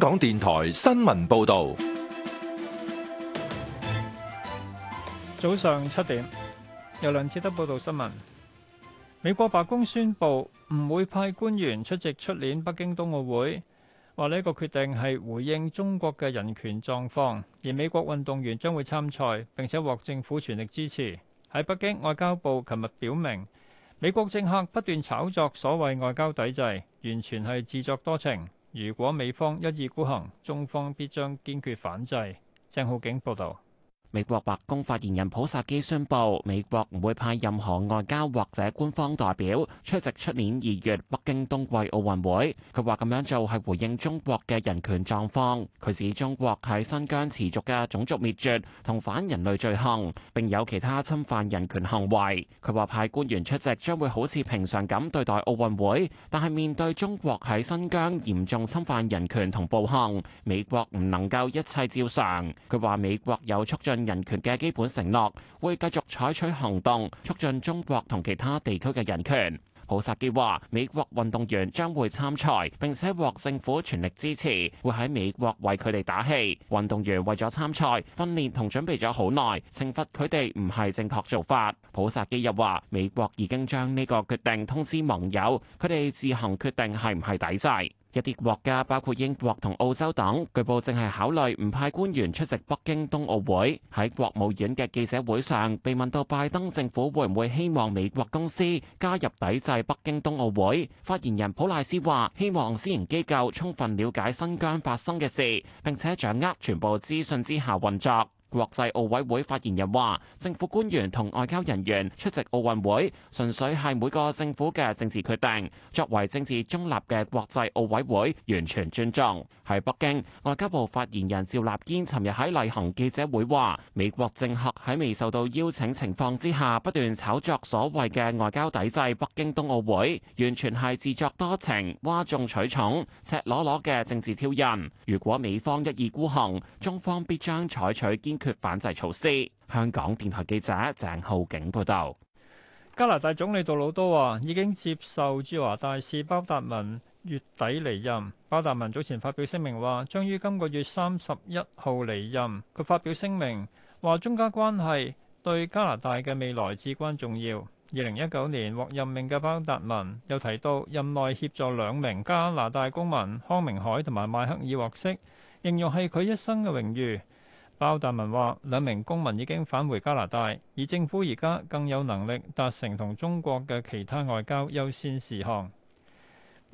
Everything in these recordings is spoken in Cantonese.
香港電台新聞報道，早上七點，由梁志德報道新聞。美國白宮宣布唔會派官員出席出年北京冬奧會，話呢個決定係回應中國嘅人權狀況，而美國運動員將會參賽，並且獲政府全力支持。喺北京，外交部琴日表明，美國政客不斷炒作所謂外交抵制，完全係自作多情。如果美方一意孤行，中方必將堅決反制。鄭浩景報道。美國白宮發言人普薩基宣布，美國唔會派任何外交或者官方代表出席出年二月北京冬季奧運會。佢話咁樣做係回應中國嘅人權狀況。佢指中國喺新疆持續嘅種族滅絕同反人類罪行，並有其他侵犯人權行為。佢話派官員出席將會好似平常咁對待奧運會，但係面對中國喺新疆嚴重侵犯人權同暴行，美國唔能夠一切照常。佢話美國有促進人權嘅基本承諾，會繼續採取行動促進中國同其他地區嘅人權。普薩基話：美國運動員將會參賽，並且獲政府全力支持，會喺美國為佢哋打氣。運動員為咗參賽訓練同準備咗好耐，懲罰佢哋唔係正確做法。普薩基又話：美國已經將呢個決定通知盟友，佢哋自行決定係唔係抵制。一啲國家包括英國同澳洲等，據報正係考慮唔派官員出席北京冬奧會。喺國務院嘅記者會上，被問到拜登政府會唔會希望美國公司加入抵制北京冬奧會，發言人普賴斯話：希望私營機構充分了解新疆發生嘅事，並且掌握全部資訊之下運作。國際奧委會發言人話：政府官員同外交人員出席奧運會，純粹係每個政府嘅政治決定。作為政治中立嘅國際奧委會，完全尊重。喺北京，外交部發言人趙立堅尋日喺例行記者會話：美國政客喺未受到邀請情況之下，不斷炒作所謂嘅外交抵制北京冬奧會，完全係自作多情、嘩眾取寵、赤裸裸嘅政治挑釁。如果美方一意孤行，中方必將採取堅。缺反制措施。香港電台記者鄭浩景報道。加拿大總理杜魯多話已經接受駐華大使鮑達民月底離任。鮑達民早前發表聲明話，將於今個月三十一號離任。佢發表聲明話，中加關係對加拿大嘅未來至關重要。二零一九年獲任命嘅鮑達民又提到，任內協助兩名加拿大公民康明凱同埋邁克爾獲釋，形容係佢一生嘅榮譽。鮑達民話：兩名公民已經返回加拿大，而政府而家更有能力達成同中國嘅其他外交優先事項。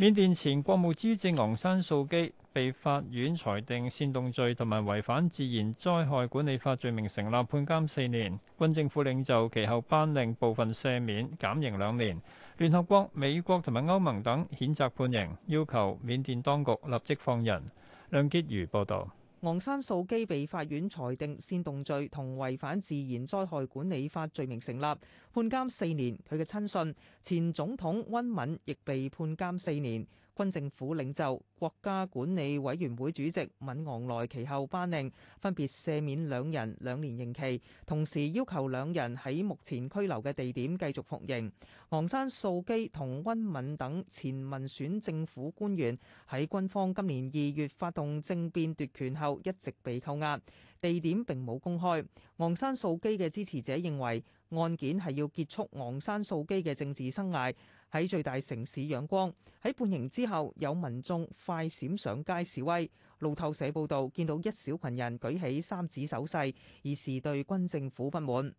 緬甸前國務資政昂山素基被法院裁定煽動罪同埋違反自然災害管理法罪名成立，判監四年。軍政府領袖其後頒令部分赦免，減刑兩年。聯合國、美國同埋歐盟等譴責判刑，要求緬甸當局立即放人。梁潔如報導。昂山素姬被法院裁定煽動罪同違反自然災害管理法罪名成立，判監四年。佢嘅親信前總統温敏亦被判監四年。軍政府領袖、國家管理委員會主席敏昂萊其後頒令分別赦免兩人兩年刑期，同時要求兩人喺目前拘留嘅地點繼續服刑。昂山素姬同温敏等前民選政府官員喺軍方今年二月發動政變奪權後一直被扣押，地點並冇公開。昂山素姬嘅支持者認為，案件係要結束昂山素基嘅政治生涯。喺最大城市仰光，喺判刑之後，有民眾快閃上街示威。路透社報道，見到一小群人舉起三指手勢，以示對軍政府不滿。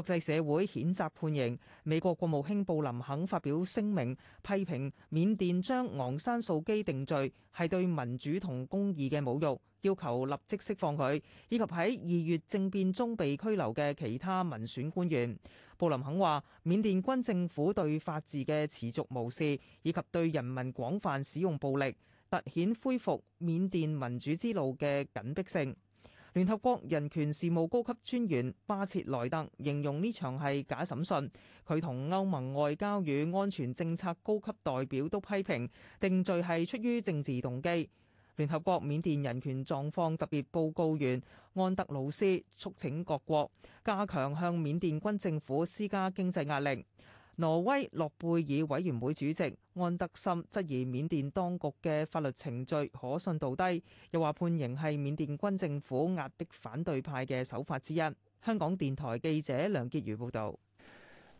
國際社會譴責判刑，美國國務卿布林肯發表聲明，批評緬甸將昂山素基定罪係對民主同公義嘅侮辱，要求立即釋放佢，以及喺二月政變中被拘留嘅其他民選官員。布林肯話：緬甸軍政府對法治嘅持續無視，以及對人民廣泛使用暴力，凸顯恢復緬甸民主之路嘅緊迫性。聯合國人權事務高級專員巴切萊特形容呢場係假審訊，佢同歐盟外交與安全政策高級代表都批評定罪係出於政治動機。聯合國緬甸人權狀況特別報告員安德魯斯促請各國加強向緬甸軍政府施加經濟壓力。挪威諾貝爾委員會主席安德森質疑緬甸當局嘅法律程序可信度低，又話判刑係緬甸軍政府壓迫反對派嘅手法之一。香港電台記者梁潔如報導。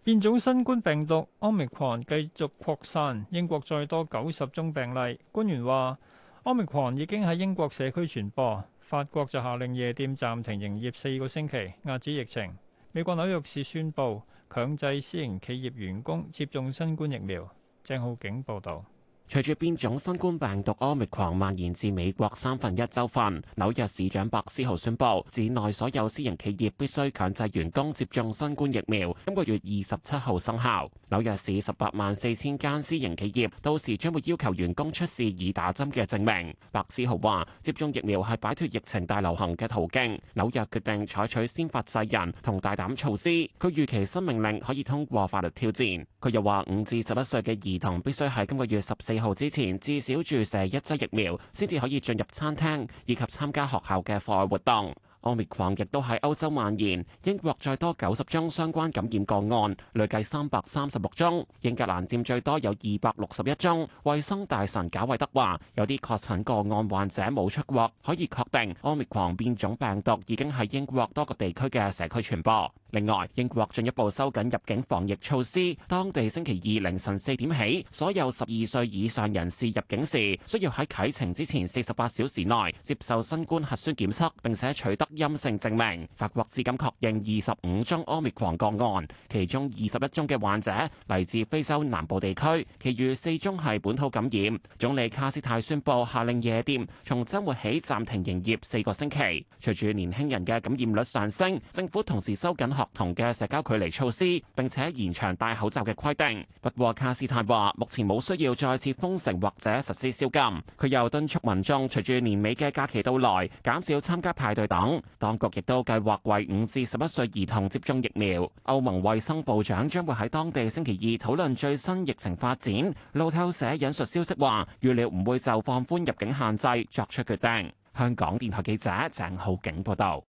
變種新冠病毒奧密克戎繼續擴散，英國再多九十宗病例，官員話奧密克戎已經喺英國社區傳播。法國就下令夜店暫停營業四個星期，壓止疫情。美國紐約市宣布強制私營企業員工接種新冠疫苗。鄭浩景報導。隨住變種新冠病毒奧密克戎蔓延至美國三分一州份，紐約市長白思豪宣布，市內所有私營企業必須強制員工接種新冠疫苗，今個月二十七號生效。紐約市十八萬四千間私營企業到時將會要求員工出示已打針嘅證明。白思豪話：接種疫苗係擺脫疫情大流行嘅途徑。紐約決定採取先發制人同大膽措施，佢預期新命令可以通過法律挑戰。佢又話：五至十一歲嘅兒童必須喺今個月十四號之前至少注射一劑疫苗，先至可以進入餐廳以及參加學校嘅課外活動。Omicron 亦都喺歐洲蔓延，英國再多九十宗相關感染個案，累計三百三十六宗。英格蘭佔最多有二百六十一宗。衛生大臣賈偉德話，有啲確診個案患者冇出國，可以確定 Omicron 變種病毒已經喺英國多個地區嘅社區傳播。另外，英國進一步收緊入境防疫措施，當地星期二凌晨四點起，所有十二歲以上人士入境時，需要喺啟程之前四十八小時內接受新冠核酸檢測並且取得陰性證明。法國至今確認二十五宗 Omicron 個案，其中二十一宗嘅患者嚟自非洲南部地區，其餘四宗係本土感染。總理卡斯泰宣布下令夜店從周末起暫停營業四個星期。隨住年輕人嘅感染率上升，政府同時收緊。學童嘅社交距離措施，並且延長戴口罩嘅規定。不過，卡斯泰話目前冇需要再次封城或者實施宵禁。佢又敦促民眾隨住年尾嘅假期到來，減少參加派對等。當局亦都計劃為五至十一歲兒童接種疫苗。歐盟衞生部長將會喺當地星期二討論最新疫情發展。路透社引述消息話，預料唔會就放寬入境限制作出決定。香港電台記者鄭浩景報道。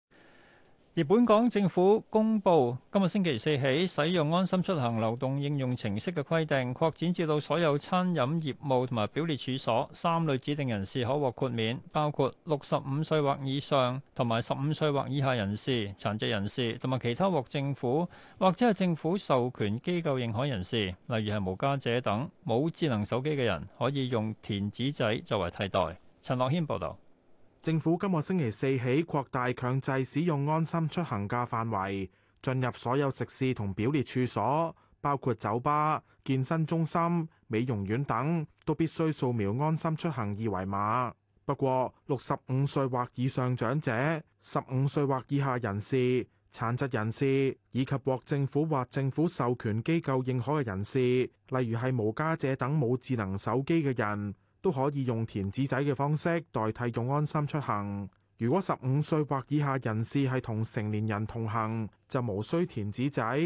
而本港政府公布，今日星期四起使用安心出行流動應用程式嘅規定，擴展至到所有餐飲業務同埋表列處所。三類指定人士可獲豁免，包括六十五歲或以上、同埋十五歲或以下人士、殘疾人士同埋其他獲政府或者係政府授權機構認可人士，例如係無家者等冇智能手機嘅人，可以用填紙仔作為替代。陳樂謙報道。政府今個星期四起擴大強制使用安心出行嘅範圍，進入所有食肆同表列處所，包括酒吧、健身中心、美容院等，都必須掃描安心出行二維碼。不過，六十五歲或以上長者、十五歲或以下人士、殘疾人士以及獲政府或政府授權機構認可嘅人士，例如係無家者等冇智能手機嘅人，都可以用填紙仔嘅方式代替用安心出行。如果十五歲或以下人士係同成年人同行，就無需填紙仔。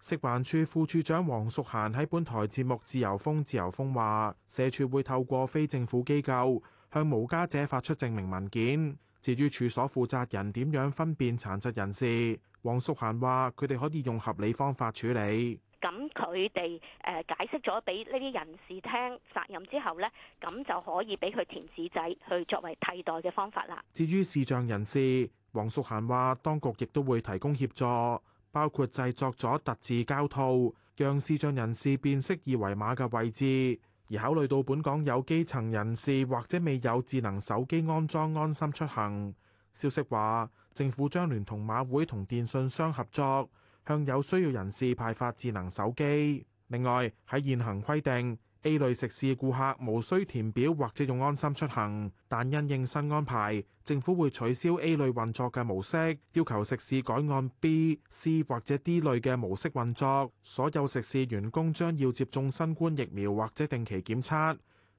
食環署副處長黃淑嫻喺本台節目《自由風自由風》話社署會透過非政府機構向無家者發出證明文件。至於處所負責人點樣分辨殘疾人士，黃淑嫻話佢哋可以用合理方法處理。咁佢哋誒解釋咗俾呢啲人士聽責任之後呢，咁就可以俾佢填紙仔去作為替代嘅方法啦。至於視障人士，黃淑嫻話，當局亦都會提供協助，包括製作咗特製膠套，讓視障人士辨識二維碼嘅位置。而考慮到本港有基層人士或者未有智能手機安裝安心出行，消息話政府將聯同馬會同電訊商合作，向有需要人士派發智能手機。另外，喺現行規定，A 類食肆顧客無需填表或者用安心出行，但因應新安排，政府會取消 A 類運作嘅模式，要求食肆改按 B、C 或者 D 類嘅模式運作。所有食肆員工將要接種新冠疫苗或者定期檢測，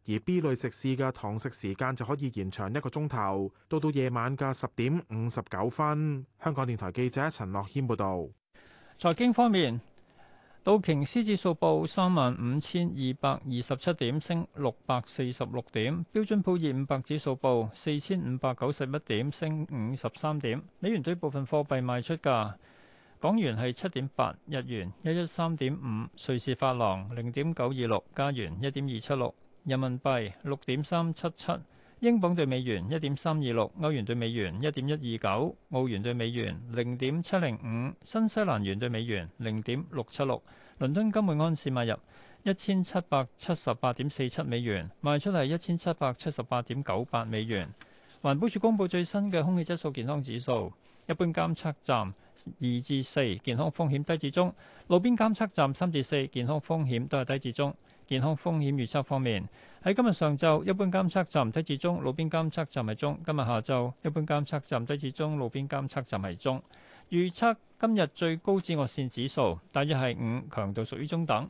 而 B 類食肆嘅堂食時間就可以延長一個鐘頭，到到夜晚嘅十點五十九分。香港電台記者陳樂軒報導。財經方面，道瓊斯指數報三萬五千二百二十七點，升六百四十六點；標準普爾五百指數報四千五百九十一點，升五十三點。美元對部分貨幣賣出價：港元係七點八，日元一一三點五，瑞士法郎零點九二六，加元一點二七六，人民幣六點三七七。英鎊兌美元一點三二六，歐元兌美元一點一二九，澳元兌美元零點七零五，新西蘭元兌美元零點六七六。倫敦金每安士買入一千七百七十八點四七美元，賣出係一千七百七十八點九八美元。環保署公布最新嘅空氣質素健康指數。一般監測站二至四，健康風險低至中；路邊監測站三至四，健康風險都係低至中。健康風險預測方面，喺今日上晝，一般監測站低至中，路邊監測站係中；今日下晝，一般監測站低至中，路邊監測站係中。預測今日最高紫外線指數大約係五，強度屬於中等。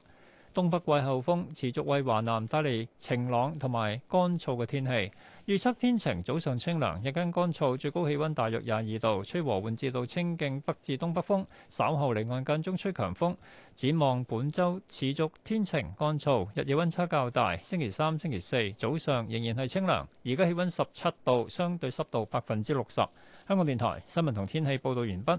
東北季候風持續為華南帶嚟晴朗同埋乾燥嘅天氣。預測天晴，早上清涼，日間乾燥，最高氣溫大約廿二度，吹和緩至到清勁北至東北風。稍後離岸間中吹強風。展望本週持續天晴乾燥，日夜溫差較大。星期三、星期四早上仍然係清涼。而家氣溫十七度，相對濕度百分之六十。香港電台新聞同天氣報道完畢。